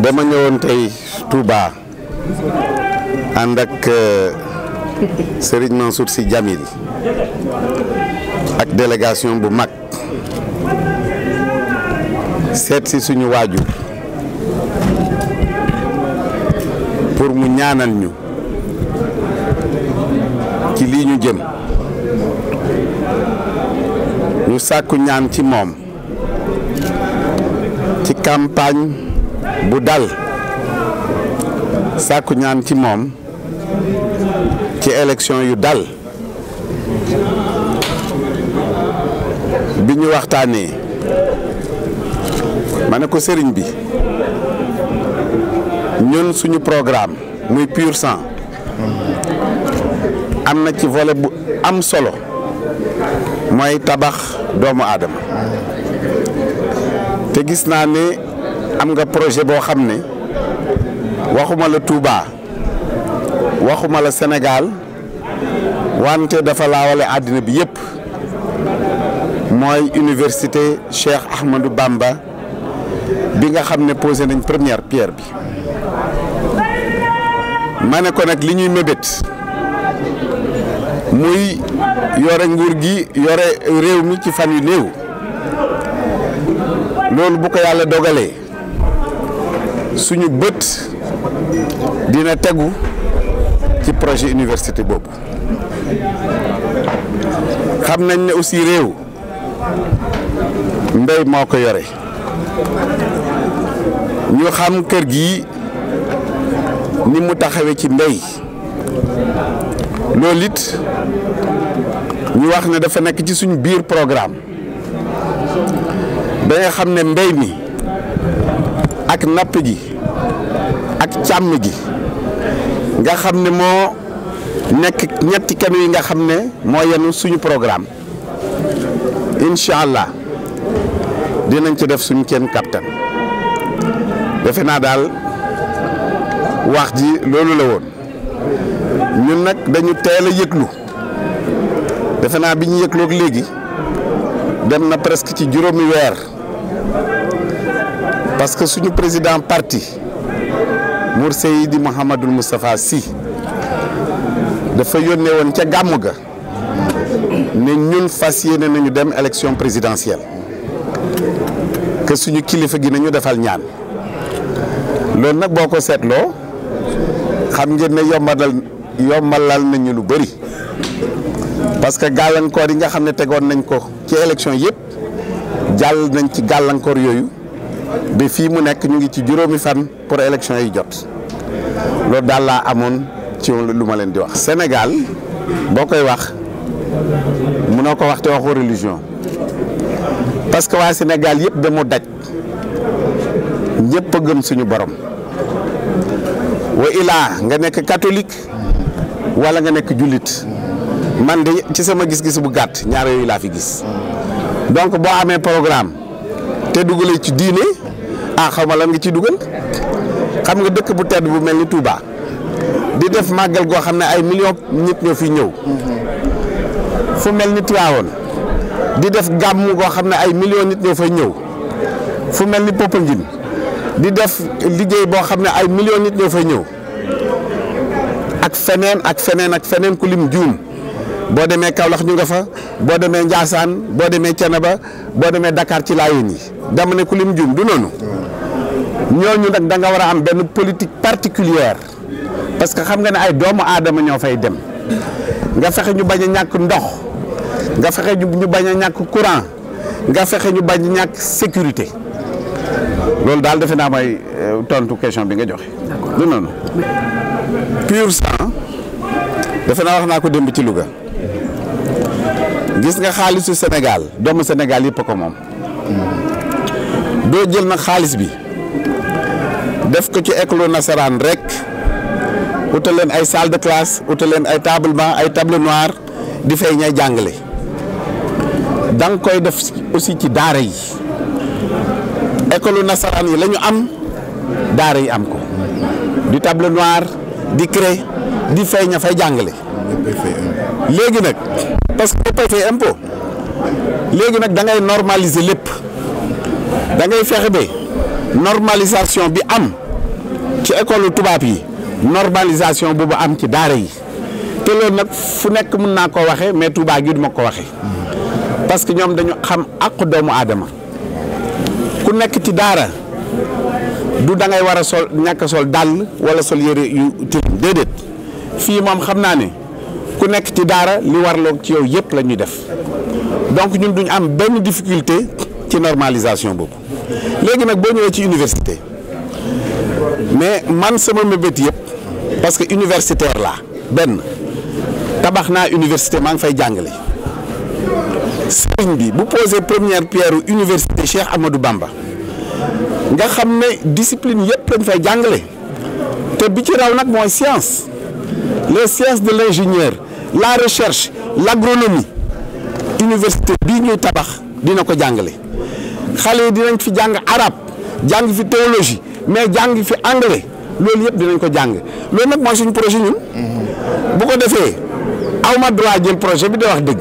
dama ñëwoon tey Touba ànd ak euh, Serigne Mansour Sy Djamil ak délégation bu mag seetsi suñu waajur pour mu ñaanal ñu ci lii ñu jëm ñu sàkku ñaan ci moom ci campagne. bu dal sàkku ñaan ci moom ci élection yu dal bi ñu waxtaanee ma ne ko sëriñ bi ñun suñu programme muy pur sant am na ci volet bu am solo mooy tabax doomu aadama te gis naa ne am nga projet boo xam ne waxuma la Touba waxuma la Sénégal wante dafa laawale àddina bi yépp mooy université Cheikh Ahmadou Bamba bi nga xam ne posé nañ première pierre bi ma ne ko nag li ñuy mébét muy yore nguur gi yore réew mi ci fan yu néew loolu bu ko yàlla dogalee suñu bët dina tegu ci projet université boobu xam nañ ne aussi réew mbay moo ko yore ñu xam kër gi ni mu taxawee ci mbéy loolu it ñu wax ne dafa nekk ci suñu biir programme da nga xam ne mbay mi ak napp gi ak càmm gi nga xam ne moo nekk ñetti kanu yi nga xam ne moo yenu suñu programme incha allah dinañ ci def suñu kenn kattan defe naa daal wax ji loolu la woon ñun nag dañu teel a yëglu defe naa bi ñu yëgloo léegi dem na presque ci juróomi weer. parce que suñu président parti Moussaïdi Mouhamadul Moustapha si dafa yónnee woon ca gàmmu ga ne ñun fas yéene nañu dem élection présidentielle que suñu kilifa gi nañu defal ñaan loolu nag boo ko seetloo xam ngeen ne yombalal yombalal nañu lu bëri parce que gàllankoor yi nga xam ne tegoon nañ ko ci élection yëpp jàll nañ ci gàllankoor yooyu. bi fii mu nekk ñu ngi ci juróomi fan pour élection yi jot loolu daal laa amoon ci lu ma leen di wax. Sénégal boo koy wax noo ko wax te waxu religion parce que waa Sénégal yëpp damu daj ñëpp a gëm suñu borom wa ilaa nga nekk catholique wala nga nekk jullit man de ci sama gis-gis bu gàtt ñaar yooyu laa fi gis donc boo amee programme te dugalee ci diine. ah xaw ma lan nga ciy dugal xam nga dëkk bu tedd bu mel ni Touba di def màggel goo xam ne ay million nit ñoo fi ñëw fu mel ni Tivaouane di def gàmm goo xam ne ay millions nit ñoo fay ñëw fu mel ni Popenguine di def liggéey boo xam ne ay millions nit ñoo fay ñëw ak feneen ak feneen ak feneen ku lim juum boo demee Kaolack ñu nga fa boo demee Ndiassane boo demee Thiénaba boo demee Dakar ci Laayeen yi dama ne ku juum du noonu. ñooñu nag da nga war a am benn politique particulière parce que xam nga ne ay doomu aadama ñoo fay dem nga fexe ñu bañ a ñàkk ndox nga fexe ñu bañ a ñàkk courant nga fexe ñu bañ a ñàkk sécurité loolu daal defe naa mooy euh, tontu question bi nga joxe. du noonu pur sang defe naa wax naa ko démb ci Louga gis nga xaalisu Sénégal doomu Sénégal yëpp ko moom doo jël nag xaalis bi. def ko ci école nasaraan rek utal leen ay salle de classe utal leen ay tablement ay table noire di fay ñay jàngale da nga koy def aussi ci daara yi école nasaraan yi la ñu am daare yi am ko di table noire di craie di fay fay jàngale. léegi nag parce que ñëppay fay impôt léegi nag da ngay normaliser lépp da ngay fexe ba normalisation bi am ci école tubaab yi normalisation boobu am ci daara yi te loolu nag fu nekk mun naa koo waxee mais Touba gi du ma ko waxee parce que ñoom dañu xam àqu doomu aadama ku nekk ci daara du dangay ngay war a sol ñàkk sol dàll wala sol yére yu tilim déedéet fii moom xam naa ni ku nekk ci daara li warloo ci yow yëpp la ñuy def donc ñun duñu am benn difficulté ci normalisation boobu léegi nag boo ñëwee ci université. mais man sama mébét yëpp parce que universitaire laa benn tabax naa université maa ngi fay jàngale sëriñ bu posé première pierre université Cheikh Amadou Bamba nga xam ne discipline yëpp lañ fay jàngale te bi ci raw nag mooy science les sciences de l'ingénieur la recherche l'agronomie université bii ñuy tabax dina ko jàngale xale yi dinañ fi jàng arab jàng fi théologie mais jàng fi anglais loolu yëpp dinañ ko jàng loolu nag mooy suñu projet ñun. bu ko defee aw ma droit jël projet bi da wax dëgg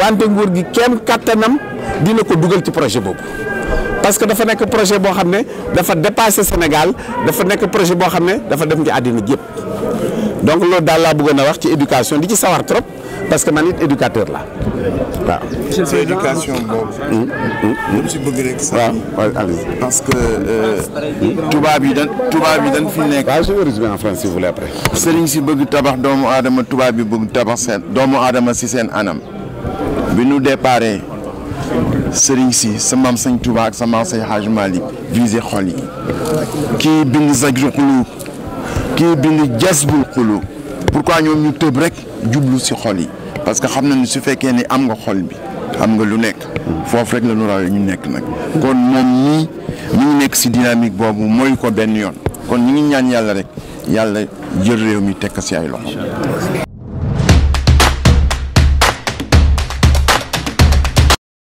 wante nguur gi kenn kattanam dina ko dugal ci projet boobu. parce que dafa nekk projet boo xam ne dafa dépassé Sénégal dafa nekk projet boo xam ne dafa dem ci àddina jëpp donc loolu daal laa bëggoon a wax ci éducation di ci sawar trop parce que man it éducateur la waaw. monsieur éducation boobu. lu si bëgg parce que. Euh, tubaab yi dañ tubaab yi dañ fi nekk. waaw je vais résumer en français si vous après. bëgg tabax doomu aadama tubaab yi bëgg tabax seen doomu aadama si seen anam. bi nu déparé sëriñ si sa maam sëñ Tuubaa ak sa maam sëñ Hajj Malick visé xol yi. kii bind Zajrul Quluub kii bind jasbul xulub pourquoi ñoom ñu tëb rek jublu si xol yi parce que xam nañu su fekkee ni am nga xol bi am nga lu nekk foofu rek la ñu rawee ñu nekk nag kon moom ñii ñu nekk si dynamique boobu mooy ko benn yoon kon ñu ngi ñaan yàlla rek yàlla jël réew mi tekk si ay loxo